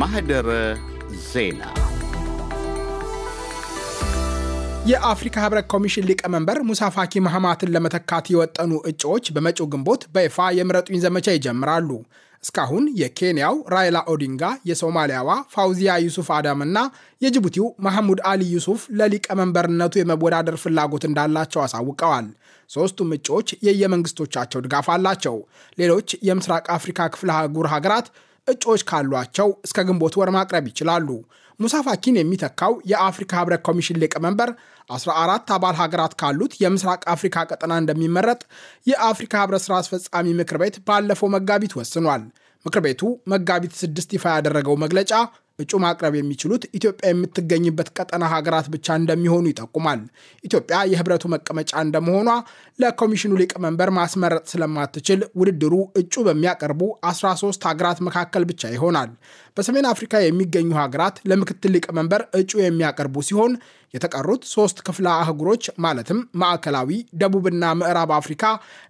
ማህደረ ዜና የአፍሪካ ህብረት ኮሚሽን ሊቀመንበር ሙሳ ፋኪ ማህማትን ለመተካት የወጠኑ እጩዎች በመጪው ግንቦት በይፋ የምረጡኝ ዘመቻ ይጀምራሉ። እስካሁን የኬንያው ራይላ ኦዲንጋ፣ የሶማሊያዋ ፋውዚያ ዩሱፍ አዳም እና የጅቡቲው መሐሙድ አሊ ዩሱፍ ለሊቀመንበርነቱ የመወዳደር ፍላጎት እንዳላቸው አሳውቀዋል። ሦስቱም እጩዎች የየመንግስቶቻቸው ድጋፍ አላቸው። ሌሎች የምስራቅ አፍሪካ ክፍለ አህጉር ሀገራት እጩዎች ካሏቸው እስከ ግንቦት ወር ማቅረብ ይችላሉ። ሙሳ ፋኪን የሚተካው የአፍሪካ ህብረት ኮሚሽን ሊቀመንበር 14 አባል ሀገራት ካሉት የምስራቅ አፍሪካ ቀጠና እንደሚመረጥ የአፍሪካ ህብረት ስራ አስፈጻሚ ምክር ቤት ባለፈው መጋቢት ወስኗል። ምክር ቤቱ መጋቢት ስድስት ይፋ ያደረገው መግለጫ እጩ ማቅረብ የሚችሉት ኢትዮጵያ የምትገኝበት ቀጠና ሀገራት ብቻ እንደሚሆኑ ይጠቁማል። ኢትዮጵያ የህብረቱ መቀመጫ እንደመሆኗ ለኮሚሽኑ ሊቀመንበር ማስመረጥ ስለማትችል ውድድሩ እጩ በሚያቀርቡ 13 ሀገራት መካከል ብቻ ይሆናል። በሰሜን አፍሪካ የሚገኙ ሀገራት ለምክትል ሊቀመንበር እጩ የሚያቀርቡ ሲሆን የተቀሩት ሶስት ክፍለ አህጉሮች ማለትም ማዕከላዊ፣ ደቡብና ምዕራብ አፍሪካ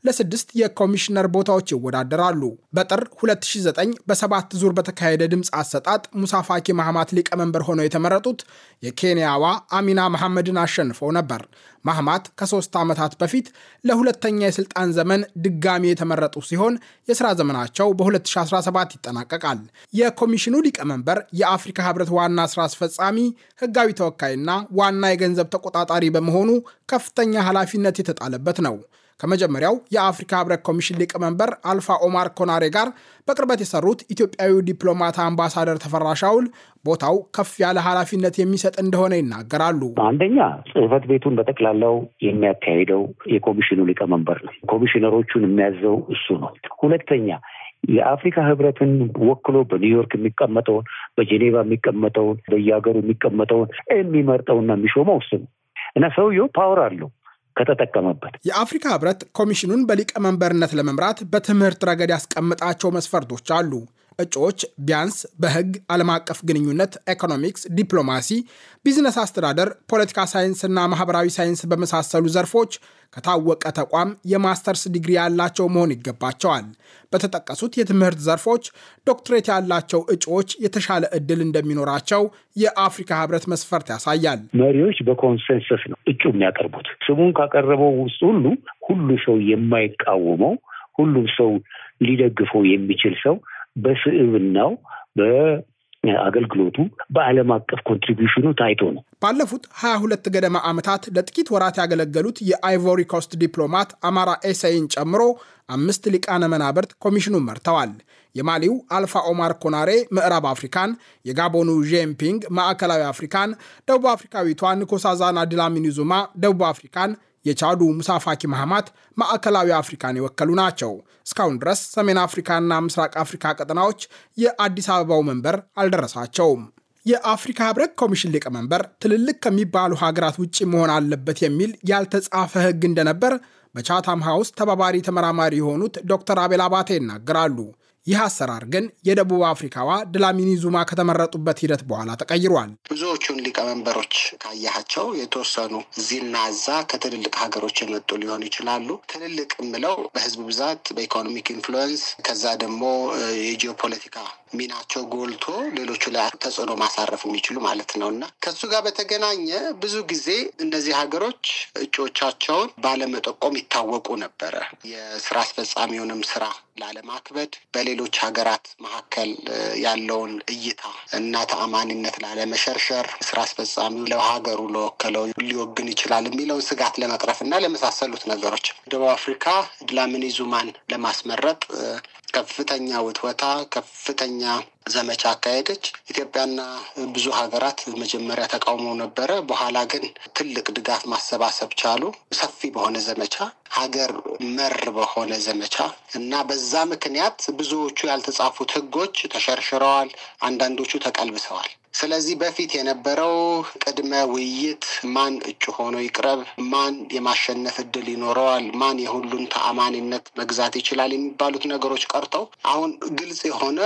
ለስድስት የኮሚሽነር ቦታዎች ይወዳደራሉ። በጥር 2009 በሰባት ዙር በተካሄደ ድምፅ አሰጣጥ ሙሳፋኪ ማህማት ሊቀመንበር ሆነው የተመረጡት የኬንያዋ አሚና መሐመድን አሸንፈው ነበር። ማህማት ከሶስት ዓመታት በፊት ለሁለተኛ የስልጣን ዘመን ድጋሚ የተመረጡ ሲሆን የሥራ ዘመናቸው በ2017 ይጠናቀቃል። የኮሚሽኑ ሊቀመንበር የአፍሪካ ህብረት ዋና ሥራ አስፈጻሚ፣ ህጋዊ ተወካይና ዋ ዋና የገንዘብ ተቆጣጣሪ በመሆኑ ከፍተኛ ኃላፊነት የተጣለበት ነው። ከመጀመሪያው የአፍሪካ ህብረት ኮሚሽን ሊቀመንበር አልፋ ኦማር ኮናሬ ጋር በቅርበት የሰሩት ኢትዮጵያዊ ዲፕሎማት አምባሳደር ተፈራ ሻውል ቦታው ከፍ ያለ ኃላፊነት የሚሰጥ እንደሆነ ይናገራሉ። አንደኛ ጽህፈት ቤቱን በጠቅላላው የሚያካሄደው የኮሚሽኑ ሊቀመንበር ነው። ኮሚሽነሮቹን የሚያዘው እሱ ነው። ሁለተኛ የአፍሪካ ህብረትን ወክሎ በኒውዮርክ የሚቀመጠውን በጄኔቫ የሚቀመጠውን በየሀገሩ የሚቀመጠውን የሚመርጠውና የሚሾመው እሱ ነው እና ሰውየው ፓወር አለው ከተጠቀመበት የአፍሪካ ህብረት ኮሚሽኑን በሊቀመንበርነት ለመምራት በትምህርት ረገድ ያስቀምጣቸው መስፈርቶች አሉ። እጩዎች ቢያንስ በህግ፣ ዓለም አቀፍ ግንኙነት፣ ኢኮኖሚክስ፣ ዲፕሎማሲ፣ ቢዝነስ አስተዳደር፣ ፖለቲካ ሳይንስ እና ማህበራዊ ሳይንስ በመሳሰሉ ዘርፎች ከታወቀ ተቋም የማስተርስ ዲግሪ ያላቸው መሆን ይገባቸዋል። በተጠቀሱት የትምህርት ዘርፎች ዶክትሬት ያላቸው እጩዎች የተሻለ እድል እንደሚኖራቸው የአፍሪካ ህብረት መስፈርት ያሳያል። መሪዎች በኮንሰንሰስ ነው እጩ የሚያቀርቡት። ስሙን ካቀረበው ውስጥ ሁሉ ሁሉ ሰው የማይቃወመው ሁሉም ሰው ሊደግፈው የሚችል ሰው በስዕብናው በአገልግሎቱ በዓለም አቀፍ ኮንትሪቢሽኑ ታይቶ ነው። ባለፉት ሀያ ሁለት ገደማ ዓመታት ለጥቂት ወራት ያገለገሉት የአይቮሪ ኮስት ዲፕሎማት አማራ ኤሳይን ጨምሮ አምስት ሊቃነ መናብርት ኮሚሽኑን መርተዋል። የማሊው አልፋ ኦማር ኮናሬ ምዕራብ አፍሪካን፣ የጋቦኑ ዤምፒንግ ማዕከላዊ አፍሪካን፣ ደቡብ አፍሪካዊቷ ንኮሳዛና ድላሚኒ ዙማ ደቡብ አፍሪካን የቻዱ ፋኪ መሐማት ማዕከላዊ አፍሪካን የወከሉ ናቸው። እስካሁን ድረስ ሰሜን አፍሪካና ምስራቅ አፍሪካ ቀጠናዎች የአዲስ አበባው መንበር አልደረሳቸውም። የአፍሪካ ህብረት ኮሚሽን ሊቀመንበር ትልልቅ ከሚባሉ ሀገራት ውጭ መሆን አለበት የሚል ያልተጻፈ ህግ እንደነበር በቻታም ሃውስ ተባባሪ ተመራማሪ የሆኑት ዶክተር አቤል አባቴ ይናገራሉ። ይህ አሰራር ግን የደቡብ አፍሪካዋ ድላሚኒ ዙማ ከተመረጡበት ሂደት በኋላ ተቀይሯል። ብዙዎቹን ሊቀመንበሮች ካያቸው የተወሰኑ እዚህና እዛ ከትልልቅ ሀገሮች የመጡ ሊሆኑ ይችላሉ። ትልልቅ የምለው በህዝብ ብዛት፣ በኢኮኖሚክ ኢንፍሉዌንስ ከዛ ደግሞ የጂኦፖለቲካ ሚናቸው ጎልቶ ሌሎቹ ላይ ተጽዕኖ ማሳረፍ የሚችሉ ማለት ነው እና ከሱ ጋር በተገናኘ ብዙ ጊዜ እነዚህ ሀገሮች እጩዎቻቸውን ባለመጠቆም ይታወቁ ነበረ። የስራ አስፈጻሚውንም ስራ ላለማክበድ፣ በሌሎች ሀገራት መካከል ያለውን እይታ እና ተአማኒነት ላለመሸርሸር፣ ስራ አስፈጻሚው ለሀገሩ ለወከለው ሊወግን ይችላል የሚለውን ስጋት ለመቅረፍ እና ለመሳሰሉት ነገሮች ደቡብ አፍሪካ ድላሚኒ ዙማን ለማስመረጥ ከፍተኛ ውትወታ፣ ከፍተኛ ዘመቻ አካሄደች። ኢትዮጵያና ብዙ ሀገራት መጀመሪያ ተቃውሞ ነበረ። በኋላ ግን ትልቅ ድጋፍ ማሰባሰብ ቻሉ። ሰፊ በሆነ ዘመቻ፣ ሀገር መር በሆነ ዘመቻ እና በዛ ምክንያት ብዙዎቹ ያልተጻፉት ህጎች ተሸርሽረዋል። አንዳንዶቹ ተቀልብሰዋል። ስለዚህ በፊት የነበረው ቅድመ ውይይት ማን እጩ ሆኖ ይቅረብ፣ ማን የማሸነፍ እድል ይኖረዋል፣ ማን የሁሉን ተአማኒነት መግዛት ይችላል የሚባሉት ነገሮች ቀርተው አሁን ግልጽ የሆነ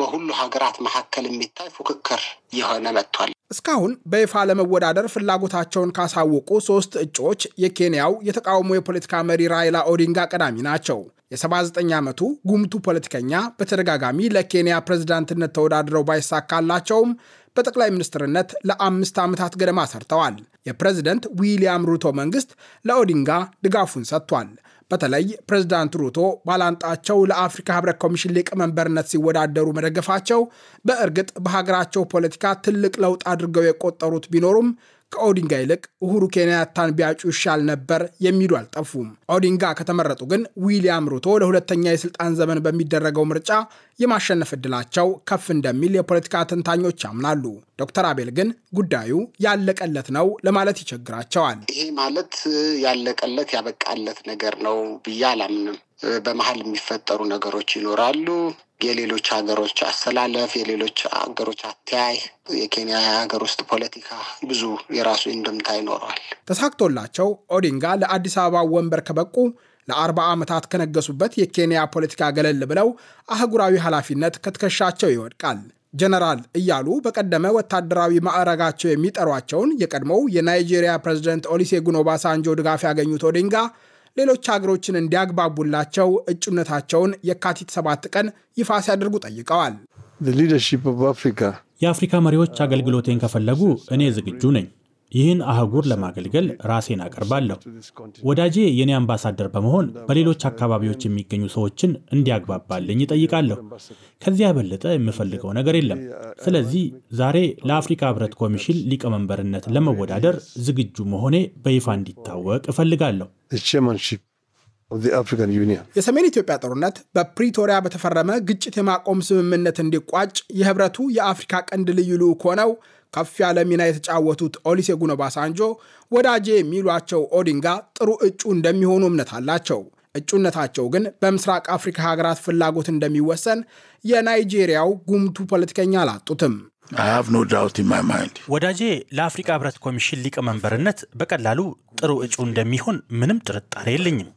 በሁሉ ሀገራት መካከል የሚታይ ፉክክር የሆነ መጥቷል። እስካሁን በይፋ ለመወዳደር ፍላጎታቸውን ካሳወቁ ሶስት እጩዎች የኬንያው የተቃውሞ የፖለቲካ መሪ ራይላ ኦዲንጋ ቀዳሚ ናቸው። የ79 ዓመቱ ጉምቱ ፖለቲከኛ በተደጋጋሚ ለኬንያ ፕሬዝዳንትነት ተወዳድረው ባይሳካላቸውም በጠቅላይ ሚኒስትርነት ለአምስት ዓመታት ገደማ ሰርተዋል። የፕሬዝደንት ዊሊያም ሩቶ መንግስት ለኦዲንጋ ድጋፉን ሰጥቷል። በተለይ ፕሬዝዳንት ሩቶ ባላንጣቸው ለአፍሪካ ህብረት ኮሚሽን ሊቀመንበርነት ሲወዳደሩ መደገፋቸው በእርግጥ በሀገራቸው ፖለቲካ ትልቅ ለውጥ አድርገው የቆጠሩት ቢኖሩም ከኦዲንጋ ይልቅ ኡሁሩ ኬንያታን ቢያጩ ይሻል ነበር የሚሉ አልጠፉም። ኦዲንጋ ከተመረጡ ግን ዊሊያም ሩቶ ለሁለተኛ የስልጣን ዘመን በሚደረገው ምርጫ የማሸነፍ ዕድላቸው ከፍ እንደሚል የፖለቲካ ተንታኞች ያምናሉ። ዶክተር አቤል ግን ጉዳዩ ያለቀለት ነው ለማለት ይቸግራቸዋል። ይሄ ማለት ያለቀለት ያበቃለት ነገር ነው ብዬ አላምንም። በመሀል የሚፈጠሩ ነገሮች ይኖራሉ። የሌሎች ሀገሮች አሰላለፍ፣ የሌሎች ሀገሮች አተያይ፣ የኬንያ የሀገር ውስጥ ፖለቲካ ብዙ የራሱ እንድምታ ይኖረዋል። ተሳክቶላቸው ኦዲንጋ ለአዲስ አበባ ወንበር ከበቁ ለአርባ ዓመታት ከነገሱበት የኬንያ ፖለቲካ ገለል ብለው አህጉራዊ ኃላፊነት ከትከሻቸው ይወድቃል። ጀነራል እያሉ በቀደመ ወታደራዊ ማዕረጋቸው የሚጠሯቸውን የቀድሞው የናይጄሪያ ፕሬዚደንት ኦሊሴጉን ኦባሳንጆ ድጋፍ ያገኙት ኦዲንጋ ሌሎች ሀገሮችን እንዲያግባቡላቸው እጩነታቸውን የካቲት ሰባት ቀን ይፋ ሲያደርጉ ጠይቀዋል። የአፍሪካ መሪዎች አገልግሎቴን ከፈለጉ እኔ ዝግጁ ነኝ። ይህን አህጉር ለማገልገል ራሴን አቀርባለሁ። ወዳጄ የኔ አምባሳደር በመሆን በሌሎች አካባቢዎች የሚገኙ ሰዎችን እንዲያግባባልኝ ይጠይቃለሁ። ከዚያ የበለጠ የምፈልገው ነገር የለም። ስለዚህ ዛሬ ለአፍሪካ ህብረት ኮሚሽን ሊቀመንበርነት ለመወዳደር ዝግጁ መሆኔ በይፋ እንዲታወቅ እፈልጋለሁ። የሰሜን ኢትዮጵያ ጦርነት በፕሪቶሪያ በተፈረመ ግጭት የማቆም ስምምነት እንዲቋጭ የህብረቱ የአፍሪካ ቀንድ ልዩ ልዑክ ሆነው ከፍ ያለ ሚና የተጫወቱት ኦሊሴጉን ኦባሳንጆ ወዳጄ የሚሏቸው ኦዲንጋ ጥሩ እጩ እንደሚሆኑ እምነት አላቸው። እጩነታቸው ግን በምስራቅ አፍሪካ ሀገራት ፍላጎት እንደሚወሰን የናይጄሪያው ጉምቱ ፖለቲከኛ አላጡትም። ወዳጄ ለአፍሪካ ህብረት ኮሚሽን ሊቀመንበርነት በቀላሉ ጥሩ እጩ እንደሚሆን ምንም ጥርጣሬ የለኝም።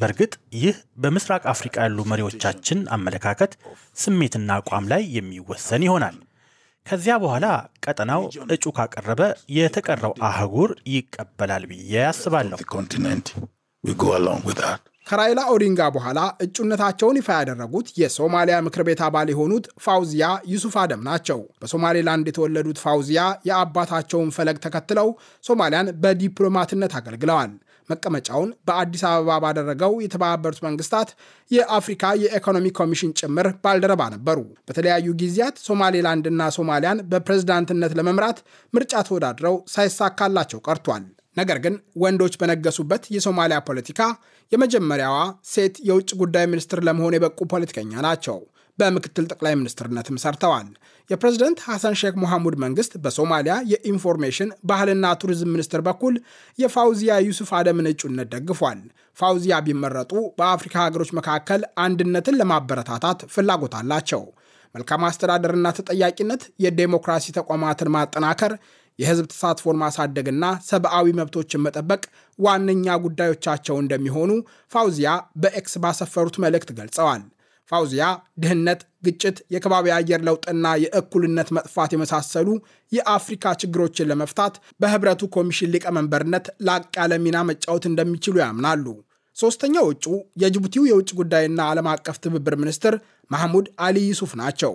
በእርግጥ ይህ በምስራቅ አፍሪካ ያሉ መሪዎቻችን አመለካከት፣ ስሜትና አቋም ላይ የሚወሰን ይሆናል። ከዚያ በኋላ ቀጠናው እጩ ካቀረበ የተቀረው አህጉር ይቀበላል ብዬ አስባለሁ። ከራይላ ኦዲንጋ በኋላ እጩነታቸውን ይፋ ያደረጉት የሶማሊያ ምክር ቤት አባል የሆኑት ፋውዚያ ዩሱፍ አደም ናቸው። በሶማሌላንድ የተወለዱት ፋውዚያ የአባታቸውን ፈለግ ተከትለው ሶማሊያን በዲፕሎማትነት አገልግለዋል። መቀመጫውን በአዲስ አበባ ባደረገው የተባበሩት መንግስታት የአፍሪካ የኢኮኖሚ ኮሚሽን ጭምር ባልደረባ ነበሩ። በተለያዩ ጊዜያት ሶማሌላንድና ሶማሊያን በፕሬዝዳንትነት ለመምራት ምርጫ ተወዳድረው ሳይሳካላቸው ቀርቷል። ነገር ግን ወንዶች በነገሱበት የሶማሊያ ፖለቲካ የመጀመሪያዋ ሴት የውጭ ጉዳይ ሚኒስትር ለመሆን የበቁ ፖለቲከኛ ናቸው። በምክትል ጠቅላይ ሚኒስትርነትም ሰርተዋል። የፕሬዝደንት ሐሰን ሼክ ሙሐሙድ መንግስት በሶማሊያ የኢንፎርሜሽን ባህልና ቱሪዝም ሚኒስትር በኩል የፋውዚያ ዩሱፍ አደምን እጩነት ደግፏል። ፋውዚያ ቢመረጡ በአፍሪካ ሀገሮች መካከል አንድነትን ለማበረታታት ፍላጎት አላቸው። መልካም አስተዳደርና ተጠያቂነት፣ የዴሞክራሲ ተቋማትን ማጠናከር፣ የህዝብ ተሳትፎን ማሳደግና ሰብአዊ መብቶችን መጠበቅ ዋነኛ ጉዳዮቻቸው እንደሚሆኑ ፋውዚያ በኤክስ ባሰፈሩት መልእክት ገልጸዋል። ፋውዚያ ድህነት፣ ግጭት፣ የከባቢ አየር ለውጥና የእኩልነት መጥፋት የመሳሰሉ የአፍሪካ ችግሮችን ለመፍታት በህብረቱ ኮሚሽን ሊቀመንበርነት ላቅ ያለ ሚና መጫወት እንደሚችሉ ያምናሉ። ሶስተኛው እጩ የጅቡቲው የውጭ ጉዳይና ዓለም አቀፍ ትብብር ሚኒስትር ማህሙድ አሊ ዩሱፍ ናቸው።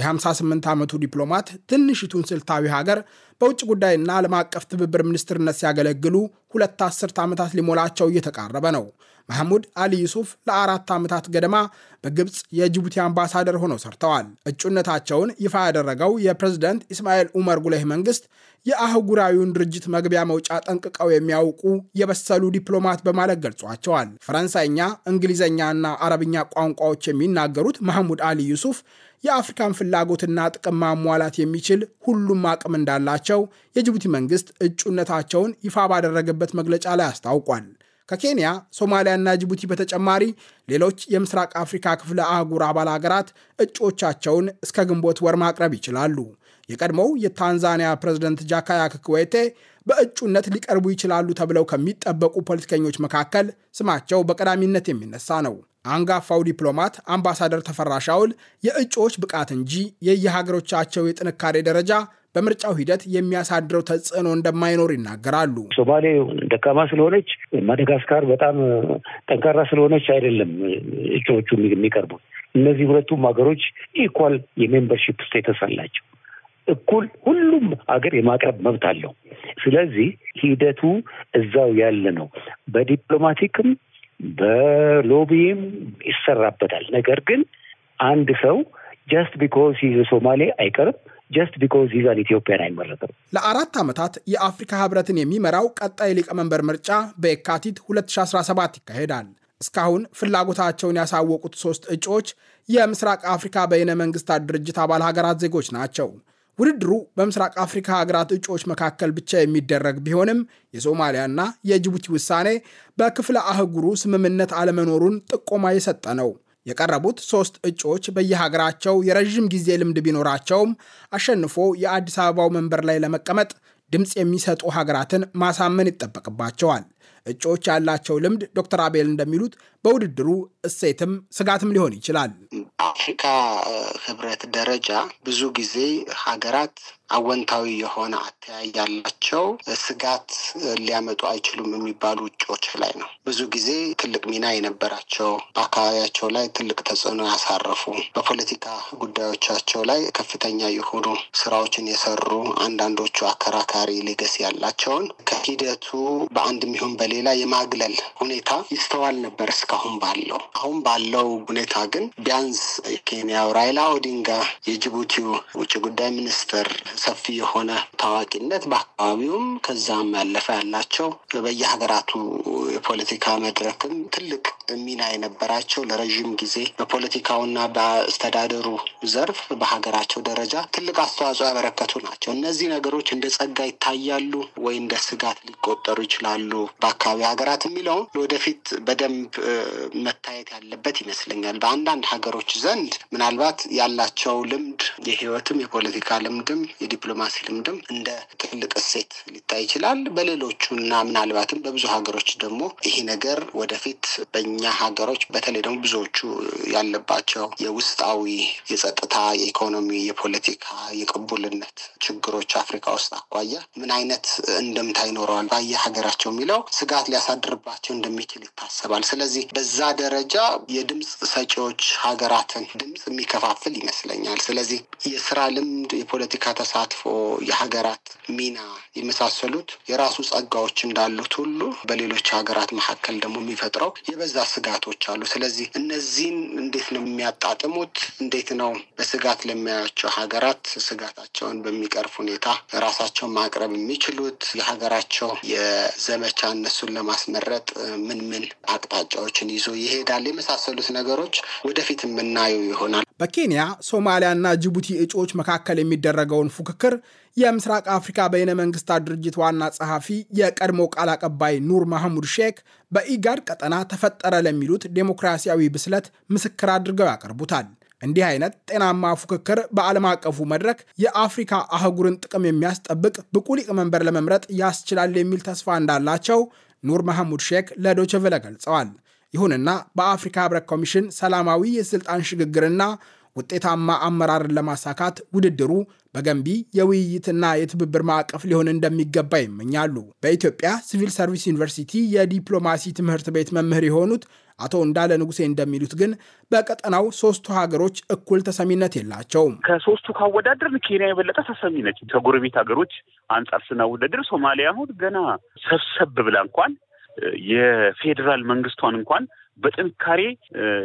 የ58 ዓመቱ ዲፕሎማት ትንሽቱን ስልታዊ ሀገር በውጭ ጉዳይና ዓለም አቀፍ ትብብር ሚኒስትርነት ሲያገለግሉ ሁለት አስርት ዓመታት ሊሞላቸው እየተቃረበ ነው። መሐሙድ አሊ ዩሱፍ ለአራት ዓመታት ገደማ በግብፅ የጅቡቲ አምባሳደር ሆነው ሰርተዋል። እጩነታቸውን ይፋ ያደረገው የፕሬዝደንት ኢስማኤል ኡመር ጉሌህ መንግስት የአህጉራዊውን ድርጅት መግቢያ መውጫ ጠንቅቀው የሚያውቁ የበሰሉ ዲፕሎማት በማለት ገልጿቸዋል። ፈረንሳይኛ፣ እንግሊዝኛና አረብኛ ቋንቋዎች የሚናገሩት መሐሙድ አሊ ዩሱፍ የአፍሪካን ፍላጎትና ጥቅም ማሟላት የሚችል ሁሉም አቅም እንዳላቸው የጅቡቲ መንግስት እጩነታቸውን ይፋ ባደረገበት መግለጫ ላይ አስታውቋል። ከኬንያ ሶማሊያና ጅቡቲ በተጨማሪ ሌሎች የምስራቅ አፍሪካ ክፍለ አህጉር አባል ሀገራት እጩዎቻቸውን እስከ ግንቦት ወር ማቅረብ ይችላሉ። የቀድሞው የታንዛኒያ ፕሬዝደንት ጃካያ ክክዌቴ በእጩነት ሊቀርቡ ይችላሉ ተብለው ከሚጠበቁ ፖለቲከኞች መካከል ስማቸው በቀዳሚነት የሚነሳ ነው። አንጋፋው ዲፕሎማት አምባሳደር ተፈራ ሻውል የእጩዎች ብቃት እንጂ የየሀገሮቻቸው የጥንካሬ ደረጃ በምርጫው ሂደት የሚያሳድረው ተጽዕኖ እንደማይኖር ይናገራሉ። ሶማሌ ደካማ ስለሆነች፣ ማደጋስካር በጣም ጠንካራ ስለሆነች አይደለም እጩዎቹ የሚቀርቡት። እነዚህ ሁለቱም ሀገሮች ኢኳል የሜምበርሺፕ ስቴተስ አላቸው። እኩል ሁሉም ሀገር የማቅረብ መብት አለው። ስለዚህ ሂደቱ እዛው ያለ ነው። በዲፕሎማቲክም በሎቢም ይሰራበታል። ነገር ግን አንድ ሰው ጀስት ቢኮዝ ይዘ ሶማሌ አይቀርም። ጀስት ቢኮዝ ሂዝ ኢትዮጵያን አይመረጥም። ለአራት ዓመታት የአፍሪካ ህብረትን የሚመራው ቀጣይ ሊቀመንበር ምርጫ በየካቲት 2017 ይካሄዳል። እስካሁን ፍላጎታቸውን ያሳወቁት ሶስት እጩዎች የምስራቅ አፍሪካ በይነ መንግስታት ድርጅት አባል ሀገራት ዜጎች ናቸው። ውድድሩ በምስራቅ አፍሪካ ሀገራት እጩዎች መካከል ብቻ የሚደረግ ቢሆንም የሶማሊያና የጅቡቲ ውሳኔ በክፍለ አህጉሩ ስምምነት አለመኖሩን ጥቆማ የሰጠ ነው። የቀረቡት ሶስት እጩዎች በየሀገራቸው የረዥም ጊዜ ልምድ ቢኖራቸውም አሸንፎ የአዲስ አበባው መንበር ላይ ለመቀመጥ ድምፅ የሚሰጡ ሀገራትን ማሳመን ይጠበቅባቸዋል። እጩዎች ያላቸው ልምድ ዶክተር አቤል እንደሚሉት በውድድሩ እሴትም ስጋትም ሊሆን ይችላል። አፍሪካ ህብረት ደረጃ ብዙ ጊዜ ሀገራት አወንታዊ የሆነ አተያይ ያላቸው ስጋት ሊያመጡ አይችሉም የሚባሉ እጩዎች ላይ ነው። ብዙ ጊዜ ትልቅ ሚና የነበራቸው በአካባቢያቸው ላይ ትልቅ ተጽዕኖ ያሳረፉ፣ በፖለቲካ ጉዳዮቻቸው ላይ ከፍተኛ የሆኑ ስራዎችን የሰሩ አንዳንዶቹ አከራካሪ ሌገስ ያላቸውን ከሂደቱ በአንድ የሚሆን በአንድ በሌላ የማግለል ሁኔታ ይስተዋል ነበር እስካሁን ባለው። አሁን ባለው ሁኔታ ግን ቢያንስ የኬንያው ራይላ ኦዲንጋ የጅቡቲው ውጭ ጉዳይ ሚኒስትር ሰፊ የሆነ ታዋቂነት በአካባቢውም ከዛም ያለፈ ያላቸው በየሀገራቱ የፖለቲካ መድረክም ትልቅ ሚና የነበራቸው ለረዥም ጊዜ በፖለቲካውና በአስተዳደሩ ዘርፍ በሀገራቸው ደረጃ ትልቅ አስተዋጽኦ ያበረከቱ ናቸው። እነዚህ ነገሮች እንደ ጸጋ ይታያሉ ወይ እንደ ስጋት ሊቆጠሩ ይችላሉ በአካባቢ ሀገራት የሚለውን ወደፊት በደንብ መታየት ያለበት ይመስለኛል። በአንዳንድ ሀገሮች ዘንድ ምናልባት ያላቸው ልምድ የህይወትም የፖለቲካ ልምድም የዲፕሎማሲ ልምድም እንደ ትልቅ እሴት ሊታይ ይችላል። በሌሎቹ እና ምናልባትም በብዙ ሀገሮች ደግሞ ይሄ ነገር ወደፊት በእኛ እኛ ሀገሮች በተለይ ደግሞ ብዙዎቹ ያለባቸው የውስጣዊ የጸጥታ፣ የኢኮኖሚ፣ የፖለቲካ፣ የቅቡልነት ችግሮች አፍሪካ ውስጥ አኳያ ምን አይነት እንደምታ ይኖረዋል ባየ ሀገራቸው የሚለው ስጋት ሊያሳድርባቸው እንደሚችል ይታሰባል። ስለዚህ በዛ ደረጃ የድምፅ ሰጪዎች ሀገራትን ድምፅ የሚከፋፍል ይመስለኛል። ስለዚህ የስራ ልምድ፣ የፖለቲካ ተሳትፎ፣ የሀገራት ሚና የመሳሰሉት የራሱ ጸጋዎች እንዳሉት ሁሉ በሌሎች ሀገራት መካከል ደግሞ የሚፈጥረው የበዛ ስጋቶች አሉ። ስለዚህ እነዚህን እንዴት ነው የሚያጣጥሙት? እንዴት ነው በስጋት ለሚያያቸው ሀገራት ስጋታቸውን በሚቀርፍ ሁኔታ ራሳቸውን ማቅረብ የሚችሉት? የሀገራቸው የዘመቻ እነሱን ለማስመረጥ ምን ምን አቅጣጫዎችን ይዞ ይሄዳል? የመሳሰሉት ነገሮች ወደፊት የምናየው ይሆናል። በኬንያ ሶማሊያና ጅቡቲ እጩዎች መካከል የሚደረገውን ፉክክር የምስራቅ አፍሪካ በይነ መንግስታት ድርጅት ዋና ጸሐፊ የቀድሞ ቃል አቀባይ ኑር ማህሙድ ሼክ በኢጋድ ቀጠና ተፈጠረ ለሚሉት ዴሞክራሲያዊ ብስለት ምስክር አድርገው ያቀርቡታል። እንዲህ አይነት ጤናማ ፉክክር በዓለም አቀፉ መድረክ የአፍሪካ አህጉርን ጥቅም የሚያስጠብቅ ብቁ ሊቀመንበር ለመምረጥ ያስችላል የሚል ተስፋ እንዳላቸው ኑር መሐሙድ ሼክ ለዶችቨለ ገልጸዋል። ይሁንና በአፍሪካ ህብረት ኮሚሽን ሰላማዊ የስልጣን ሽግግርና ውጤታማ አመራርን ለማሳካት ውድድሩ በገንቢ የውይይትና የትብብር ማዕቀፍ ሊሆን እንደሚገባ ይመኛሉ። በኢትዮጵያ ሲቪል ሰርቪስ ዩኒቨርሲቲ የዲፕሎማሲ ትምህርት ቤት መምህር የሆኑት አቶ እንዳለ ንጉሴ እንደሚሉት ግን በቀጠናው ሶስቱ ሀገሮች እኩል ተሰሚነት የላቸውም። ከሶስቱ ካወዳደር ኬንያ የበለጠ ተሰሚ ነች። ከጎረቤት ሀገሮች አንጻር ስናወዳደር ሶማሊያ አሁን ገና ሰብሰብ ብላ እንኳን የፌዴራል መንግስቷን እንኳን በጥንካሬ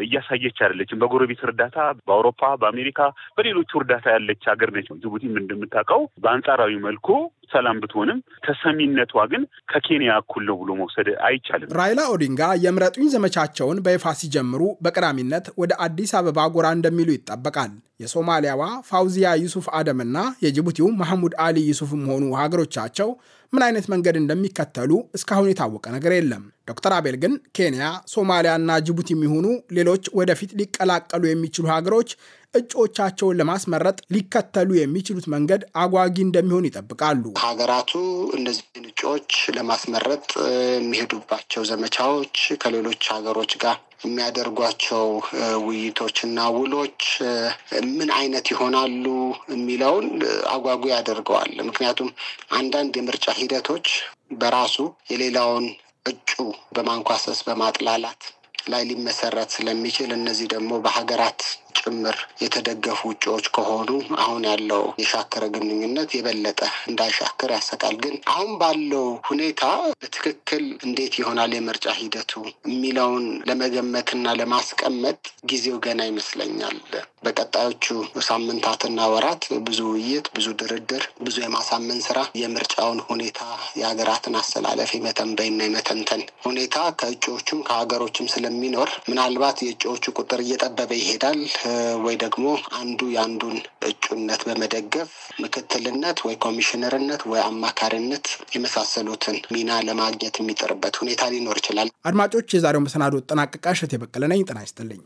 እያሳየች አይደለችም። በጎረቤት እርዳታ፣ በአውሮፓ፣ በአሜሪካ፣ በሌሎቹ እርዳታ ያለች ሀገር ነች። ጅቡቲም እንደምታውቀው በአንጻራዊ መልኩ ሰላም ብትሆንም ተሰሚነቷ ግን ከኬንያ እኩል ነው ብሎ መውሰድ አይቻልም። ራይላ ኦዲንጋ የምረጡኝ ዘመቻቸውን በይፋ ሲጀምሩ በቀዳሚነት ወደ አዲስ አበባ ጎራ እንደሚሉ ይጠበቃል። የሶማሊያዋ ፋውዚያ ዩሱፍ አደምና የጅቡቲው መሐሙድ አሊ ዩሱፍም ሆኑ ሀገሮቻቸው ምን አይነት መንገድ እንደሚከተሉ እስካሁን የታወቀ ነገር የለም። ዶክተር አቤል ግን ኬንያ፣ ሶማሊያና ጅቡቲ የሚሆኑ ሌሎች ወደፊት ሊቀላቀሉ የሚችሉ ሀገሮች እጩዎቻቸውን ለማስመረጥ ሊከተሉ የሚችሉት መንገድ አጓጊ እንደሚሆን ይጠብቃሉ። ሀገራቱ እነዚህን እጩዎች ለማስመረጥ የሚሄዱባቸው ዘመቻዎች ከሌሎች ሀገሮች ጋር የሚያደርጓቸው ውይይቶችና ውሎች ምን አይነት ይሆናሉ የሚለውን አጓጉ ያደርገዋል። ምክንያቱም አንዳንድ የምርጫ ሂደቶች በራሱ የሌላውን እጩ በማንኳሰስ በማጥላላት ላይ ሊመሰረት ስለሚችል እነዚህ ደግሞ በሀገራት ጭምር የተደገፉ ውጭዎች ከሆኑ አሁን ያለው የሻከረ ግንኙነት የበለጠ እንዳይሻክር ያሰጋል። ግን አሁን ባለው ሁኔታ በትክክል እንዴት ይሆናል የምርጫ ሂደቱ የሚለውን ለመገመትና ለማስቀመጥ ጊዜው ገና ይመስለኛል። በቀጣዮቹ ሳምንታትና ወራት ብዙ ውይይት፣ ብዙ ድርድር፣ ብዙ የማሳመን ስራ የምርጫውን ሁኔታ የሀገራትን አስተላለፍ የመተንበይና የመተንተን ሁኔታ ከእጩዎቹም ከሀገሮችም ስለሚኖር ምናልባት የእጩዎቹ ቁጥር እየጠበበ ይሄዳል። ወይ ደግሞ አንዱ የአንዱን እጩነት በመደገፍ ምክትልነት ወይ ኮሚሽነርነት ወይ አማካሪነት የመሳሰሉትን ሚና ለማግኘት የሚጥርበት ሁኔታ ሊኖር ይችላል። አድማጮች፣ የዛሬው መሰናዶ ጠናቀቃ። እሸቴ በቀለ ነኝ። ጤና ይስጥልኝ።